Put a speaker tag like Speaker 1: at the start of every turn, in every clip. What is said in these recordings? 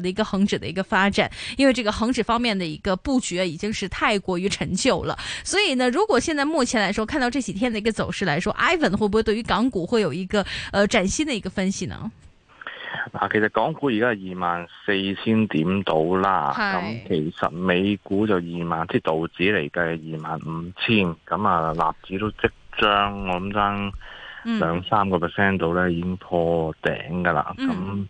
Speaker 1: 的一個恒指的一個發展，因為這個恒指方面的一個布局已經是太過於陳舊了，所以呢，如果現在目前來說，看到這幾天的一個走勢來說，Ivan 會不會對於港股會有一個呃嶄新的一個分析呢？
Speaker 2: 啊，其實港股而家係二萬四千點到啦，咁是其實美股就二萬，即、係、道指嚟計二萬五千，咁啊，納指都即將我諗爭兩三個 percent 度咧，已經破頂噶啦，咁、嗯。那嗯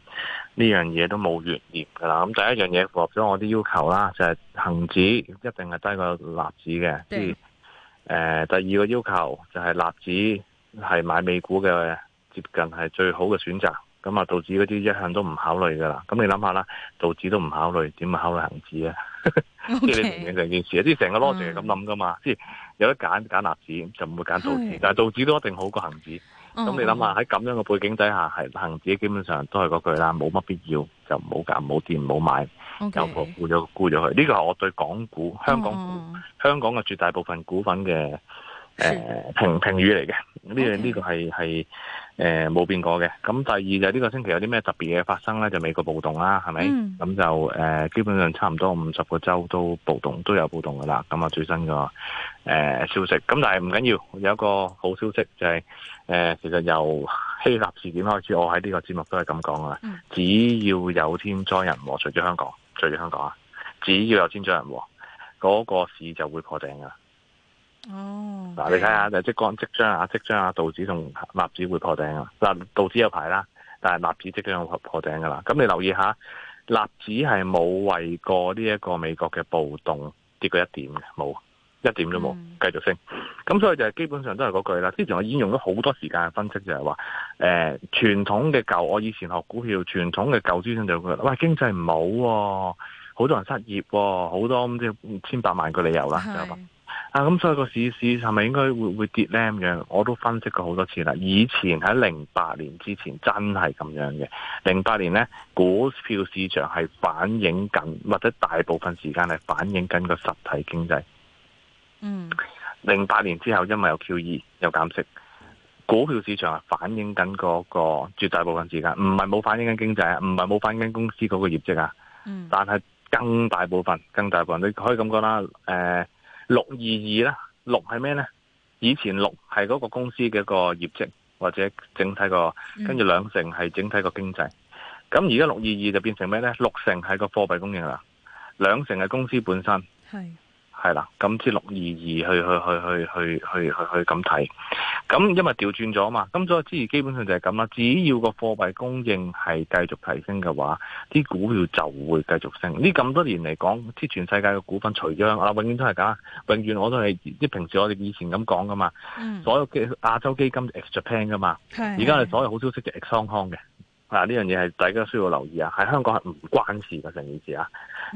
Speaker 2: 呢樣嘢都冇懸念噶啦，咁第一樣嘢符合咗我啲要求啦，就係、是、恒指一定係低過納指嘅。即係誒，第二個要求就係納指係買美股嘅接近係最好嘅選擇。咁、嗯、啊，道指嗰啲一向都唔考慮噶啦。咁你諗下啦，道指都唔考慮，點考慮恒指啊？
Speaker 1: 即係你明明
Speaker 2: 成件事啊？即係成個邏輯係咁諗噶嘛？即係、mm. 有得揀揀納指，就唔會揀道指。Okay. 但係道指都一定好過恒指。咁、嗯、你諗下喺咁樣嘅背景底下，係恒指基本上都係嗰句啦，冇乜必要就唔好揀唔好跌唔好買，又沽咗沽咗佢。呢、這個係我對港股、香港股、嗯、香港嘅絕大部分股份嘅。誒評、呃、評語嚟嘅，呢樣呢個係係誒冇變過嘅。咁第二就呢、是這個星期有啲咩特別嘢，發生咧？就美國暴動啦，係咪？咁、mm. 就誒、呃、基本上差唔多五十個州都暴動，都有暴動噶啦。咁啊最新個誒、呃、消息，咁但係唔緊要，有一個好消息就係、是、誒、呃、其實由希臘事件開始，我喺呢個節目都係咁講噶啦。Mm. 只要有天災人禍，除咗香港，除咗香港啊，只要有天災人禍，嗰、那個市就會破頂噶、啊、啦。哦，嗱、oh, okay.，你睇下就是、即講即將啊，即將啊，道指同納指會破頂啊。嗱，道指有排啦，但係納指即將破破頂噶啦。咁你留意一下，納指係冇為過呢一個美國嘅暴動跌過一點嘅，冇一點都冇，繼續升。咁、mm. 所以就係基本上都係嗰句啦。之前我已經用咗好多時間分析就，就係話，誒，傳統嘅舊，我以前學股票，傳統嘅舊資訊就話，喂，經濟唔好、啊，好多人失業、啊，好多咁即千百萬個理由啦。Mm. 吧啊，咁、嗯、所以個市市係咪應該會會跌呢？咁樣我都分析過好多次啦。以前喺零八年之前真係咁樣嘅，零八年呢，股票市場係反映緊或者大部分時間係反映緊個實體經濟。嗯，零八年之後因為有 QE 有減息，股票市場係反映緊嗰個絕大部分時間，唔係冇反映緊經濟啊，唔係冇反映緊公司嗰個業績啊。嗯，但係更大部分、更大部分你可以咁講啦，誒、呃。六二二咧，六係咩咧？以前六係嗰個公司嘅個業績或者整體個，跟住兩成係整體個經濟。咁而家六二二就變成咩咧？六成係個貨幣供應啦，兩成係公司本身。係。係啦，咁至六二二去去去去去去去咁睇，咁因為調轉咗嘛，咁所以之餘基本上就係咁啦。只要個貨幣供應係繼續提升嘅話，啲股票就會繼續升。呢咁多年嚟講，即全世界嘅股份除咗啊，永遠都係咁，永遠我都係，即平時我哋以前咁講噶嘛。嗯、所有嘅亞洲基金 ex-Japan 㗎噶嘛，而家係所有好消息就 ex-Hong Kong 嘅。啊！呢樣嘢係大家需要留意啊！喺香港係唔關事嘅成件事啊。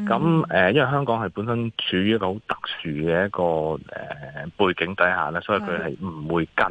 Speaker 2: 咁誒、嗯呃，因為香港係本身處於一個好特殊嘅一個誒、呃、背景底下咧，所以佢係唔會跟。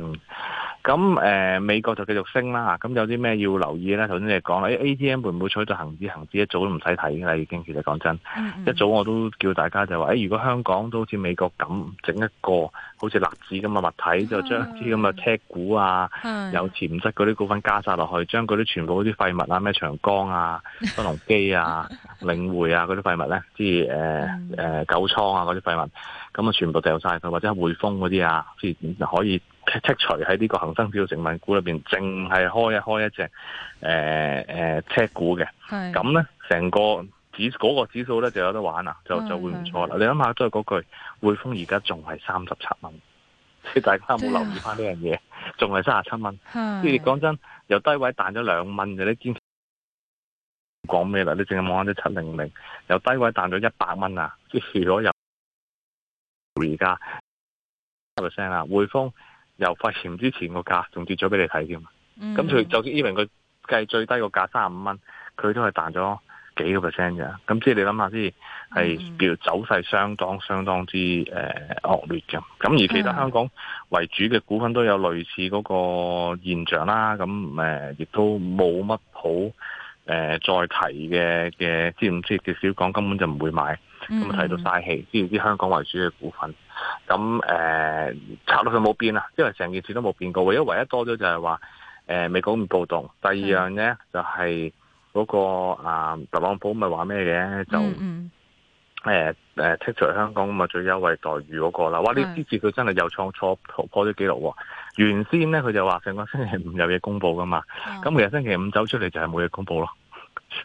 Speaker 2: 咁誒的、呃、美國就繼續升啦。咁有啲咩要留意咧？頭先你講 ATM 會唔會取到恆指恆指？一早都唔使睇啦，已經其實講真。嗯、一早我都叫大家就話誒、哎，如果香港都好似美國咁整一個好似立子咁嘅物體，就將啲咁嘅踢股啊，有潛質嗰啲股份加晒落去，將嗰啲全部啲。廢物啊，咩長江啊、新鴻基啊、領匯 啊嗰啲廢物咧，即係誒誒九倉啊嗰啲廢物，咁啊全部掉晒佢，或者係匯豐嗰啲啊，即係可以剔除喺呢個恒生指數成分股裏邊，淨係開一開一隻誒誒車股嘅，咁咧，成個指嗰、嗰個指數咧就有得玩啦，就就會唔錯啦。是是是，你諗下都係嗰句，匯豐而家仲係三十七蚊。即大家冇留意翻呢樣嘢，仲係三十七蚊。即係講真，由低位彈咗兩蚊嘅你，堅持講咩啦？你淨係望下啲七零零，700，由低位彈咗一百蚊啊！跌咗有而家七 percent 啦。匯豐由發錢之前個價，仲跌咗俾你睇添。咁佢就算因為佢計最低個價三十五蚊，佢都係彈咗。幾個 percent 啫，咁即係你諗下先，係叫走勢相當相當之誒惡、呃、劣嘅。咁而其實香港為主嘅股份都有類似嗰個現象啦。咁誒、亦、呃、都冇乜好誒、呃、再提嘅嘅，知唔知嘅小講，根本就唔會買，
Speaker 1: 咁睇到
Speaker 2: 嘥氣。唔知香港為主嘅股份，咁誒策略上冇變啊，因為成件事都冇變過。唯一唯一多咗就係話誒美股唔暴動，第二樣咧的就係、是。嗰，那個啊特朗普，咪話咩嘅就誒誒、嗯嗯欸啊，剔除香港咁，啊最優惠待遇嗰個啦，哇呢啲字佢真係又創破波咗記錄。原先咧佢就話成個星期五有嘢公布噶嘛，咁、嗯、其實星期五走出嚟就係冇嘢公布咯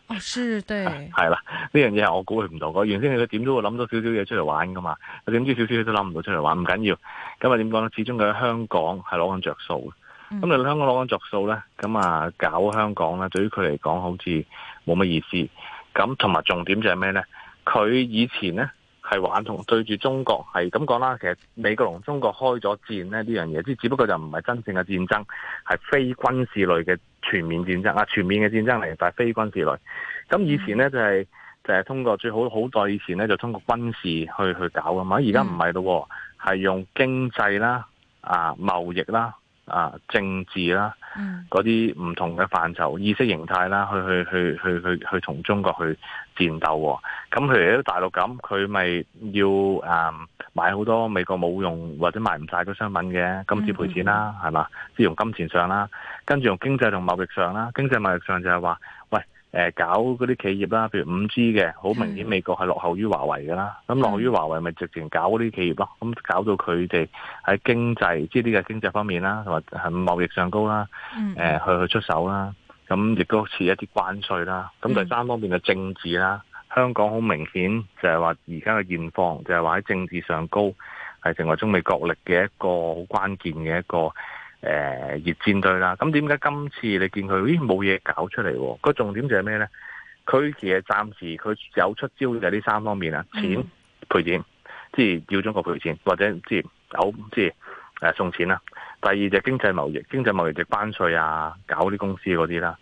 Speaker 2: 哦是對係，啊，啦呢樣嘢我估佢唔到㗎。原先佢點都會諗到少少嘢出嚟玩噶嘛，佢點知少少嘢都諗唔到出嚟玩，唔緊要，今日點講咧始終佢喺香港係攞緊着數咁你、嗯、香港攞番着數咧，咁啊搞香港呢，對於佢嚟講好似冇乜意思。咁同埋重點就係咩咧？佢以前咧係玩同對住中國係咁講啦。其實美國同中國開咗戰呢，呢樣嘢，即係只不過就唔係真正嘅戰爭，係非軍事類嘅全面戰爭啊，全面嘅戰爭嚟，但係非軍事類。咁以前咧就係、是、就係、是、通過最好好代以前咧就通過軍事去去搞㗎嘛，而家唔係咯，係、嗯、用經濟啦啊貿易啦。啊，政治啦，嗰啲唔同嘅範疇、嗯、意識形態啦，去去去去去去同中國去戰鬥喔。咁、嗯、譬如喺大陸咁，佢咪要啊、嗯、買好多美國冇用或者賣唔晒嘅商品嘅金紙賠錢啦，係嘛，嗯嗯？即係用金錢上啦，跟住用經濟同貿易上啦，經濟貿易上就係話，喂。誒，搞嗰啲企業啦，譬如五 G 嘅，好明顯美國係落後於華為嘅啦。咁落後於華為，咪直情搞嗰啲企業咯。咁的搞到佢哋喺經濟，即係呢個經濟方面啦，同埋係貿易上高啦，去、欸、去出手啦。咁亦都設一啲關稅啦。咁第三方面嘅政治啦，的香港好明顯就係話而家嘅現況就係話喺政治上高係成為中美角力嘅一個好關鍵嘅一個。誒熱戰隊啦，咁點解今次你見佢咦冇嘢搞出嚟？個重點就係咩咧？佢其實暫時佢有出招就係呢三方面啦，錢賠錢，即係叫中國賠錢，或者即係有即係誒送錢啦。第二就經濟貿易，經濟貿易就關稅啊，搞啲公司嗰啲啦。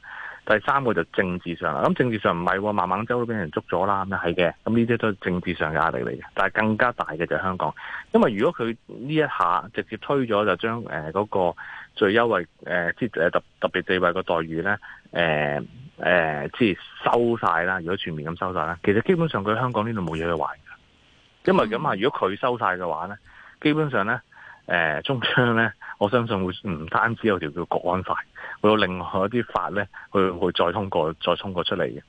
Speaker 2: 第三個就政治上啦，咁政治上唔係喎，孟晚舟都俾人捉咗啦，咁係嘅，咁呢啲都係政治上嘅壓力嚟嘅。但係更加大嘅就係香港，因為如果佢呢一下直接推咗就將誒嗰個最優惠誒即係特特別地位嘅待遇呢，誒誒即係收曬啦，如果全面咁收曬啦，其實基本上佢香港呢度冇嘢去玩㗎。因為咁啊，如果佢收曬嘅話呢，基本上呢。誒，中央咧，我相信會唔單止有條叫國安法，會有另外一啲法咧，佢會再通過，再通過出嚟嘅。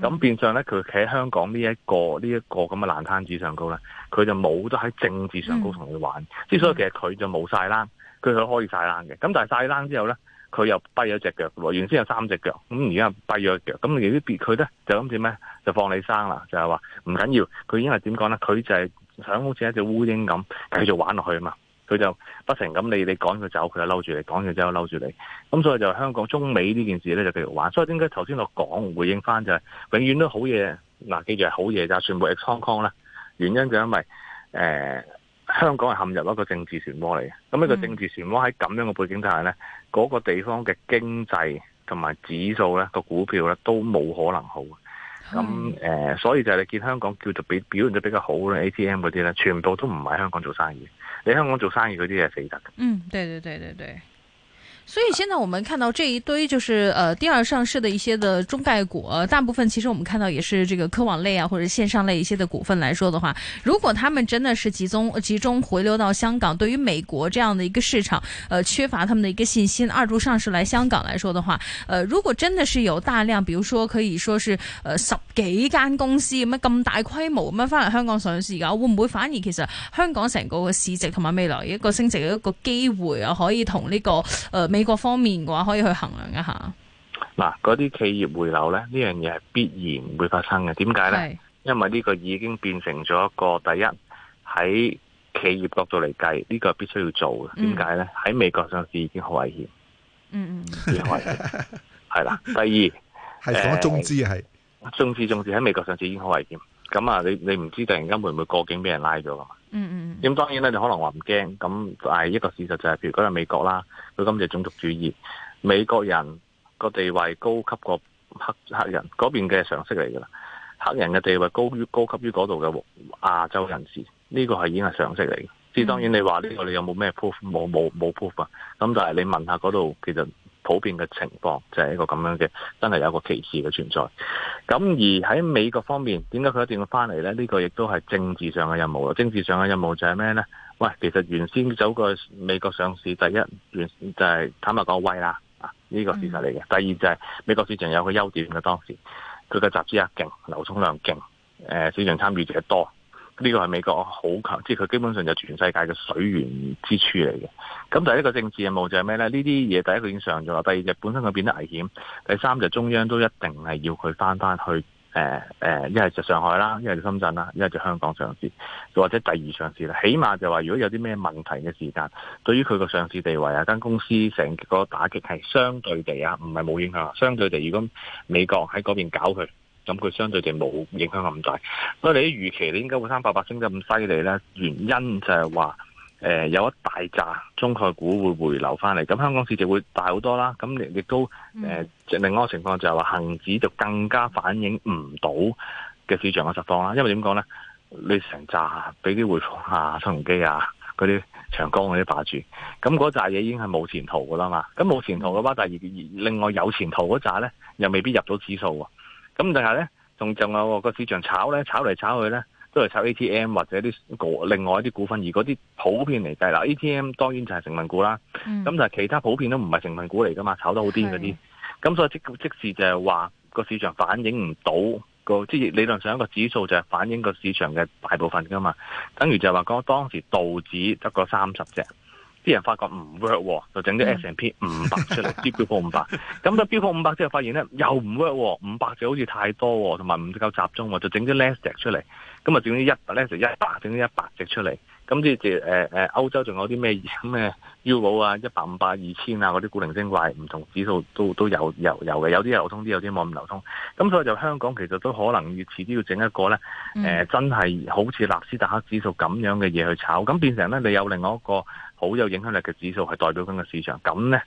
Speaker 2: 咁變相咧，佢企喺香港呢一個呢一個咁嘅爛攤子上高咧，佢就冇得喺政治上高同你玩。嗯、之所以其實佢就冇晒冷，佢係可以晒冷嘅。咁但係晒冷之後咧，佢又跛咗隻腳嘅咯。原先有三隻腳，咁而家跛咗一隻，咁你啲別佢咧就諗住咩？就放你生啦，就係話唔緊要。佢因為點講咧？佢就係想好似一隻烏蠅咁，繼續玩落去啊嘛。佢就不停咁，你你趕佢走，佢就嬲住你；趕佢走，嬲住你。咁所以就香港中美呢件事咧，就繼續玩。所以點解頭先我講回應翻就係，永遠都好嘢。嗱，記住係好嘢就全部係倉康啦。原因就因為誒，香港係陷入一個政治漩渦嚟嘅。咁呢個政治漩渦喺咁樣嘅背景底下咧，嗰、嗯、個地方嘅經濟同埋指數咧，個股票咧都冇可能好。咁誒、嗯呃，所以就係你見香港叫做比表現得比較好咧，ATM 嗰啲咧，全部都唔係香港做生意。你香港做生意嗰啲係死得。嗯，
Speaker 1: 對對對對對。所以現在我們看到這一堆就是呃第二上市的一些的中概股、呃，大部分其實我們看到也是這個科網類啊或者線上類一些的股份來說的話，如果他們真的是集中集中回流到香港，對於美國這樣的一個市場，呃缺乏他們的一個信心，二度上市來香港來說的話，呃如果真的是有大量，比如說可以說是呃十幾間公司咁啊咁大規模咁啊翻嚟香港上市，而家會唔會反而其實香港成個市值同埋未來一個升值一個機會啊，可以同呢個呃美國方面嘅話，可以去衡量一下。
Speaker 2: 嗱，嗰啲企業回流咧，呢樣嘢係必然會發生嘅。點解咧？是因為呢個已經變成咗一個第一喺企業角度嚟計，呢個必須要做嘅。點解咧？喺美國上市已經好危險。嗯嗯。好危險。係啦， 第二係講中資係中資，中資喺美國上市已經好危險。咁啊，你你唔知突然間會唔會過境俾人拉咗噶嘛？嗯嗯，咁當然咧，你可能話唔驚，咁但係一個事實就係，譬如講係美國啦，佢今次種族主義，美國人個地位高級過黑黑人，嗰邊嘅常識嚟噶啦，黑人嘅地位高於高級於嗰度嘅亞洲人士，呢個係已經係常識嚟嘅。所以當然你話呢個你有冇咩 proof？冇冇冇 proof 啊？咁但係你問下嗰度，其實。普遍嘅情況就係、是、一個咁樣嘅，真係有個歧視嘅存在。咁而喺美國方面，點解佢一定要翻嚟呢？呢、這個亦都係政治上嘅任務咯。政治上嘅任務就係咩呢？喂，其實原先走過美國上市第一，原先就係、是、坦白講，威啦啊，呢、這個事實嚟嘅。嗯、第二就係美國市場有個優點嘅，當時佢嘅集資額勁，流通量勁，誒，市場參與者多。呢個係美國好強，即係佢基本上就全世界嘅水源之處嚟嘅。咁第一個政治任務就係咩呢？呢啲嘢第一個已經上咗，第二日本身佢變得危險，第三就中央都一定係要佢翻翻去，誒誒，一係就上海啦，一係就深圳啦，一係就香港上市，或者第二上市啦。起碼就話如果有啲咩問題嘅時間，對於佢個上市地位啊、間公司成個打擊係相對地啊，唔係冇影響相對地，對地如果美國喺嗰邊搞佢。咁佢相對地冇影響咁大，所以你預期你應該會三百八升得咁犀利咧，原因就係話誒有一大紮中概股會回流翻嚟，咁香港市值就會大好多啦。咁亦亦都誒、呃，另外一個情況就係話恒指就更加反映唔到嘅市場嘅狀況啦。因為點講咧？你成紮俾啲匯豐啊、新鴻基啊、嗰啲長江嗰啲霸住，咁嗰扎嘢已經係冇前途噶啦嘛。咁冇前途嘅話，第二另外有前途嗰紮咧，又未必入到指數喎。咁但係咧，仲仲有個市場炒咧，炒嚟炒去咧，都係炒 ATM 或者啲另外一啲股份。而嗰啲普遍嚟計，啦、嗯、ATM 當然就係成分股啦。咁但係其他普遍都唔係成分股嚟噶嘛，炒得好癲嗰啲。咁是所以即即是就係話個市場反映唔到個，即係理論上一個指數就係反映個市場嘅大部分噶嘛。等於就係話嗰當時道指得個三十隻。啲人發覺唔 work，就整啲 S&P 五百出嚟，標普五百。咁就標普五百之後，發現咧又唔 work，五百隻好似太多，同埋唔夠集中，就整啲 less 隻出嚟。咁啊，整之一 less 就一百，整啲一百隻出嚟。咁即係誒誒，歐洲仲有啲咩嘢咩 U 啊，一百五百二千啊，嗰啲古靈精怪唔同指數都都有有有嘅，有啲流通啲，有啲冇咁流通。咁所以就香港其實都可能遲要遲啲要整一個咧，誒、呃、真係好似納斯達克指數咁樣嘅嘢去炒，咁變成咧你有另外一個好有影響力嘅指數係代表緊個市場，咁咧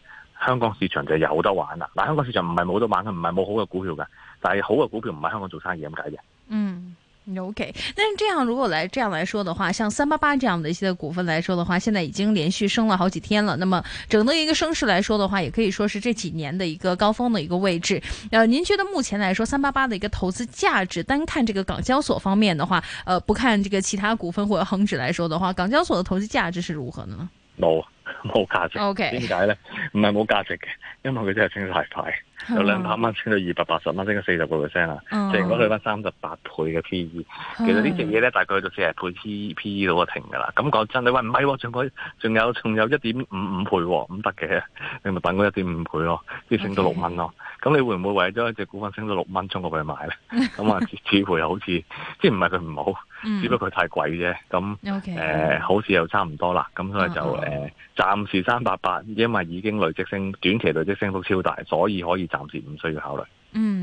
Speaker 2: 香港市場就有得玩啦。嗱，香港市場唔係冇得玩，佢唔係冇好嘅股票嘅，但係好嘅股票唔喺香港做生意咁解嘅。嗯。
Speaker 1: OK，但是這樣如果來這樣來說的話，像三八八這樣的一些的股份來說的話，現在已經連續升了好幾天了。那麼，整個一個升勢來說的話，也可以說是這幾年的一個高峰的一個位置。呃，您覺得目前來說，三八八的一個投資價值，單看這個港交所方面的話，呃，不看這個其他股份或者恒指來說的話，港交所的投資價值是如何的呢？
Speaker 2: 冇，冇價值。OK，點解呢？唔係冇價值嘅。因為佢真係升得太快，由兩百蚊升到二百八十蚊，升咗四十個 percent 啦、嗯。淨果佢揾三十八倍嘅 PE，其實呢隻嘢咧大概就四十倍 PE，PE 到啊停噶啦。咁講的真，你話唔係喎，仲有仲有仲有一點五五倍、哦，唔得嘅，你咪等嗰一點五倍咯、哦，即升到六蚊咯。咁 Okay. 你會唔會為咗一隻股份升到六蚊衝過去，去買咧？咁啊，似乎又好似即係唔係佢唔好，嗯、只不過佢太貴啫。咁誒 Okay.、呃，好似又差唔多啦。咁所以就誒、嗯呃，暫時三百八，因為已經累積升，短期累升幅超大，所以可以暫時唔需要考慮。嗯。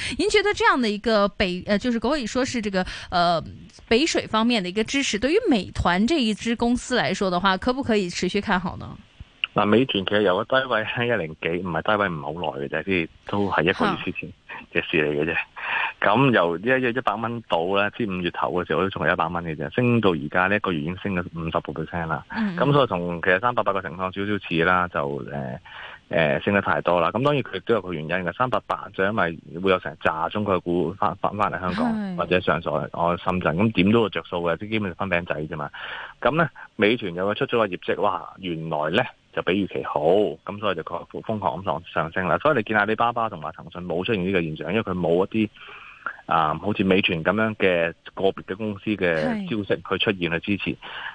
Speaker 1: 您覺得這樣的一個北，就是可以說是這個，呃北水方面的一個支持，對於美團這一支公司來說的話，可不可以持續看好呢？
Speaker 2: 嗱，美團其實有個低位喺一零幾，唔係低位唔係好耐嘅啫，啲都係一個月之前嘅事嚟嘅啫。咁 由一一一百蚊到咧，至五月頭嘅時候都仲係一百蚊嘅啫，升到而家呢一個月已經升咗五十個 percent 啦。咁、嗯、所以從其實三百八個情況，少少似啦，就誒。呃誒、呃、升得太多啦，咁當然佢亦都有個原因嘅，三百八就因為會有成炸中國股翻翻翻嚟香港的或者上咗我深圳，咁點都着數嘅，即基本上分餅仔啫嘛。咁咧，美團又會出咗個業績，哇！原來咧就比預期好，咁所以就狂瘋狂咁上上升啦。所以你見阿里巴巴同埋騰訊冇出現呢個現象，因為佢冇一啲啊、呃，好似美團咁樣嘅個別嘅公司嘅消息佢出現去支持。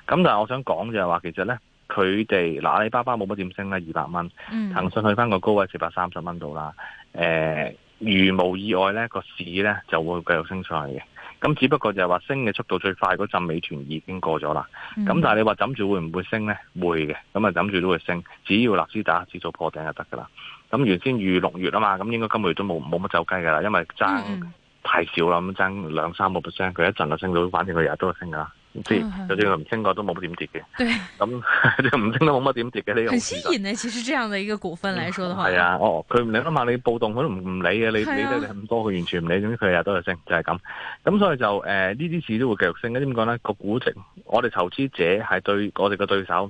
Speaker 2: 咁的但係我想講就係話，其實咧。佢哋嗱，阿里巴巴冇乜點升啦，二百蚊。騰訊、嗯、去翻個高位四百三十蚊到啦。誒、呃，如無意外咧，個市咧就會繼續升上去嘅。咁只不過就係話升嘅速度最快嗰陣，美團已經過咗啦。咁、嗯、但係你話諗住會唔會升咧？會嘅。咁啊諗住都會升，只要納斯達克指數破頂就得噶啦。咁原先預六月啊嘛，咁應該今個月都冇冇乜走雞噶啦，因為爭太少啦，咁爭兩三個 percent，佢一陣就升到，反正佢日日都會升噶啦。 嗯、跌對，就算佢唔清過都冇乜點跌嘅。對，咁唔清都冇乜點跌嘅呢樣。很吸引
Speaker 1: 嘅，其實這樣嘅一個股份嚟說的話。係 啊，
Speaker 2: 哦，佢唔理啊嘛，你暴動佢都唔唔理嘅、啊，啊、你你跌咁多佢完全唔理，咁佢日都係升，就係、是、咁。咁所以就誒呢啲市都會繼續升點講咧？個估值，我哋投資者係對我哋嘅對手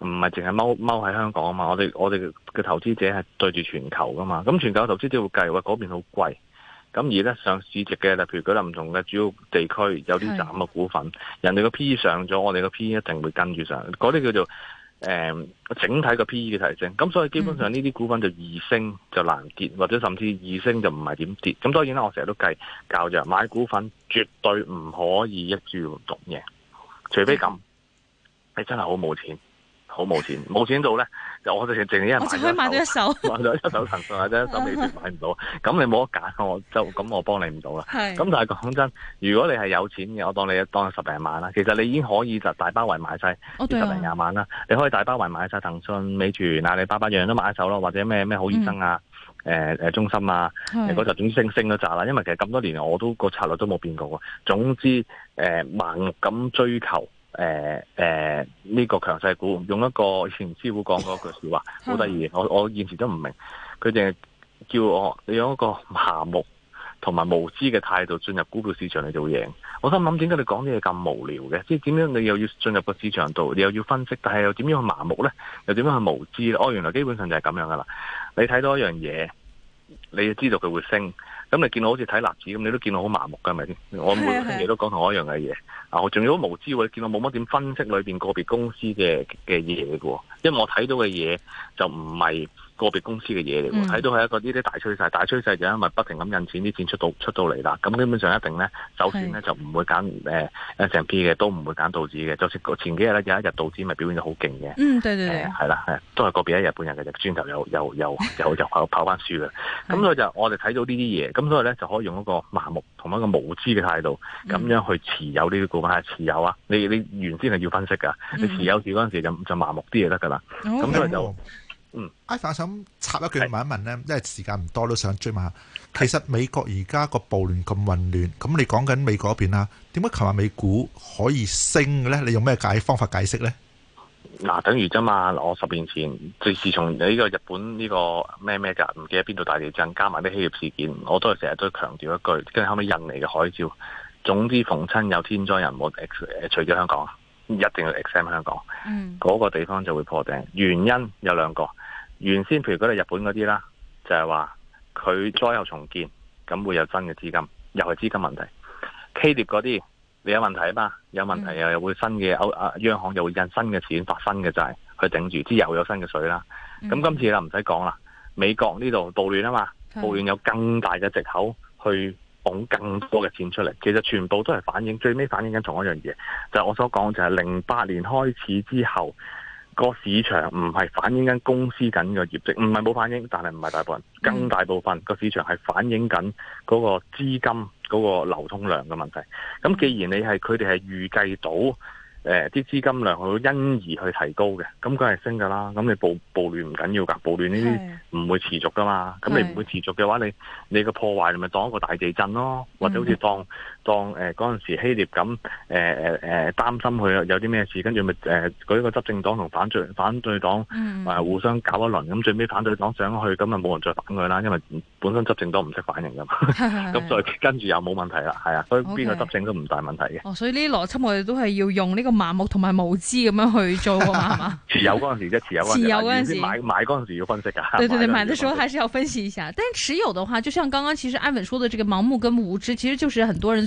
Speaker 2: 唔係淨係踎踎喺香港啊嘛，我哋我哋嘅投資者係對住全球噶嘛，咁全球投資者會計話嗰邊好貴。哎咁而咧上市值嘅，譬如嗰得唔同嘅主要地區有啲窄嘅股份，是人哋個 P E 上咗，我哋個 P E 一定會跟住上，嗰啲叫做誒、呃、整體個 P E 嘅提升。咁所以基本上呢啲股份就二升就難跌，嗯、或者甚至二升就唔係點跌。咁當然啦，我成日都計教就買股份，絕對唔可以一注獨贏，除非咁，你的、哎、真係好冇錢。好冇錢，冇錢到咧，就我哋淨淨啲人買咗一手，買咗一手騰訊或者一手美團買唔到，咁你冇得揀，我就咁我幫你唔到啦。咁是但係講真，如果你係有錢嘅，我當你當你十零萬啦，其實你已經可以就大包圍買晒、哦、
Speaker 1: 十零廿
Speaker 2: 萬啦。啊、你可以大包圍買晒騰訊、美團、阿里巴巴，樣樣都買一手咯，或者咩咩好醫生啊，誒誒、嗯呃、中心啊，嗰就是總之升升都賺啦。因為其實咁多年我都個策略都冇變過。總之誒，盲、呃、咁追求。誒誒，呢、呃呃這個強勢股，用一個以前師傅講嗰句說話好得意，我我現時都唔明，佢淨係叫我用一個麻木同埋無知嘅態度進入股票市場你做嘢。我心諗點解你講嘢咁無聊嘅？即係點樣你又要進入個市場度，你又要分析，但係又點樣去麻木咧？又點樣去無知咧？哦，原來基本上就係咁樣噶啦。你睇到一樣嘢。你就知道佢會升，咁你見到好似睇立子咁，你都見到好麻木噶，係咪先？我每樣嘢都講同一樣嘅嘢，啊，我仲要無知喎，你見到冇乜點分析裏邊個別公司嘅嘅嘢嘅喎，因為我睇到嘅嘢就唔係。個別公司嘅嘢嚟喎，睇到係一個呢啲大趨勢，大趨勢就因為不停咁印錢，啲錢出到出到嚟啦，咁基本上一定咧，就算咧是就唔會揀誒 S&P 嘅，都唔會揀道指嘅。就算前幾日咧有一日道指咪表現得好勁嘅，嗯，係啦，係、呃、都係個別一日半日嘅轉頭又又又又又跑跑翻輸嘅，咁是所以就我哋睇到呢啲嘢，咁所以咧就可以用一個盲目，同一個無知嘅態度，咁、嗯、樣去持有呢啲股份。係持有啊！你你原先係要分析噶，嗯、你持有時嗰陣時就就盲目啲就得噶啦，咁 Okay. 所以就。嗯，Ivan 想插一句問一問咧，是因為時間唔多，都想追問下。其實美國而家個暴亂咁混亂，咁你講緊美嗰邊啊，點解琴日美股可以升嘅咧？你用咩解方法解釋咧？嗱、啊，等於啫嘛。我十年前，自自從呢個日本呢個咩咩噶，唔記得邊度大地震，加埋啲欺業事件，我都係成日都強調一句，跟住後尾印尼嘅海嘯，總之逢親有天災人禍除咗香港，一定要 exam 香港，嗰、嗯、個地方就會破頂。原因有兩個。原先譬如嗰啲日本嗰啲啦，就係話，佢災後重建，咁會有新嘅資金，又係資金問題。K 跌嗰啲你有問題啊嘛，有問題、嗯、又會新嘅啊央行，又會印新嘅錢，發新嘅債，去頂住，之後又有新嘅水啦。咁今、嗯、次啦唔使講啦，美國呢度暴亂啊嘛，暴亂有更大嘅借口去拱更多嘅錢出嚟，其實全部都係反映最尾反映緊同一樣嘢，就係、是、我所講就係零八年開始之後。個市場唔係反映緊公司緊嘅業績，唔係冇反映，但係唔係大部分，更大部分個市場係反映緊嗰個資金嗰個流通量嘅問題。咁既然你係佢哋係預計到，誒、呃，啲資金量會因而去提高嘅，咁佢係升噶啦。咁你暴暴亂唔緊要噶，暴亂呢啲唔會持續噶嘛。咁你唔會持續嘅話，你你個破壞咪當一個大地震咯，或者好似當。嗯當誒嗰陣時希裂咁誒誒誒擔心佢有啲咩事，跟住咪誒舉一個執政黨同反對反對黨，嗯，互相搞一輪，咁、嗯、最尾反對黨上去，咁啊冇人再反佢啦，因為本身執政黨唔識反應噶嘛，咁再是 跟住又冇問題啦，係啊，所以邊個執政都唔大問題嘅。Okay,
Speaker 1: 哦，所以呢啲邏輯我哋都係要用呢個盲目同埋無知咁樣去做㗎嘛 嗎？
Speaker 2: 持有嗰陣時即持有嗰陣時買買嗰陣時要分析㗎。對，對對對，買的，買的時候
Speaker 1: 還是要分析一下，但係持有嘅話，就像剛剛其實阿文說的，這個盲目跟無知，其實就是很多人。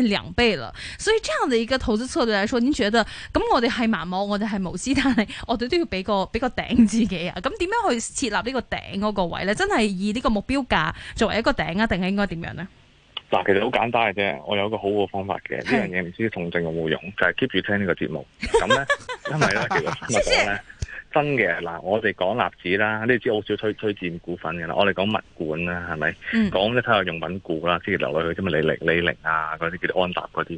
Speaker 1: 兩倍啦，所以這樣你的一個投資策略來說，您覺得，咁我哋係盲目，我哋係冇知，但係我哋都要俾個俾個頂自己啊！咁點樣去設立呢個頂嗰個位呢？真係以呢個目標價作為一個頂啊，定係應該點樣呢？
Speaker 2: 嗱，其實好簡單嘅啫，我有一個好嘅方法嘅，呢樣嘢唔知同政有冇用，就係 keep 住聽呢個節目。咁 呢，因為呢 真嘅。嗱，我哋講例子啦，呢啲好少推推薦股份嘅啦，我哋講物管啦，係咪？講啲體育用品股啦，即係留落去啫嘛，李寧、李寧啊，嗰啲叫做安踏嗰啲。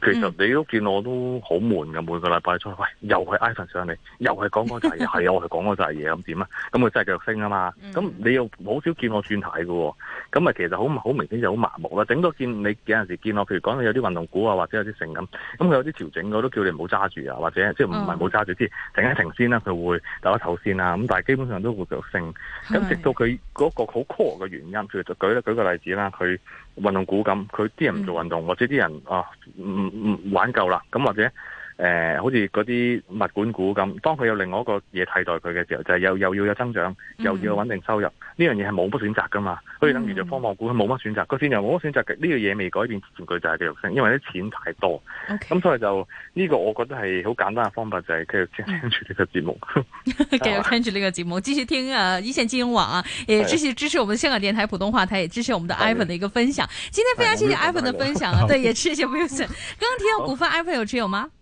Speaker 2: 其實你都見我都好悶噶，每個禮拜出喂，又係 iPhone 上嚟，又係講嗰扎嘢，係啊， 我係講嗰扎嘢咁點啊？咁佢真係繼續升啊嘛！咁、嗯、你又好少見我轉軚嘅，咁啊，其實好好明顯就好麻木啦。整多見你有陣時見我，譬如講有啲運動股啊，或者有啲性咁，咁佢有啲調整，我都叫你唔好揸住啊，或者即係唔係冇揸住，即係停、哦、一停先啦、啊，佢會打個頭先啦、啊。咁但係基本上都會繼續升。咁直到佢嗰個好 core 嘅原因，譬如舉咧舉個例子啦，佢運動股咁，佢啲人唔做運動、嗯、或者啲人啊、嗯嗯，玩夠啦，咁或者。誒、呃，好似嗰啲物管股咁，當佢有另外一個嘢替代佢嘅時候，就又、是、又要有增長，又要有穩定收入，呢、嗯、樣嘢係冇乜選擇噶嘛。所以等於就方法股冇乜選擇，線選擇這個市又冇乜選擇嘅呢個嘢未改變，全佢就係繼續升，因為啲錢太多。咁 Okay.、嗯、所以就呢、這個我覺得係好簡單嘅方法，就係、是、繼續聽住呢個節目。
Speaker 1: 繼、嗯、 續聽住呢個節目，繼 續聽啊！一線金融網啊，也支持支持，支持我們香港電台普通話台，也支持我們的 iPhone 的一個分享。的今天非常謝謝 iPhone 的分享啊，的對，對也謝謝 Wilson。剛剛提到股份，iPhone 有持有嗎？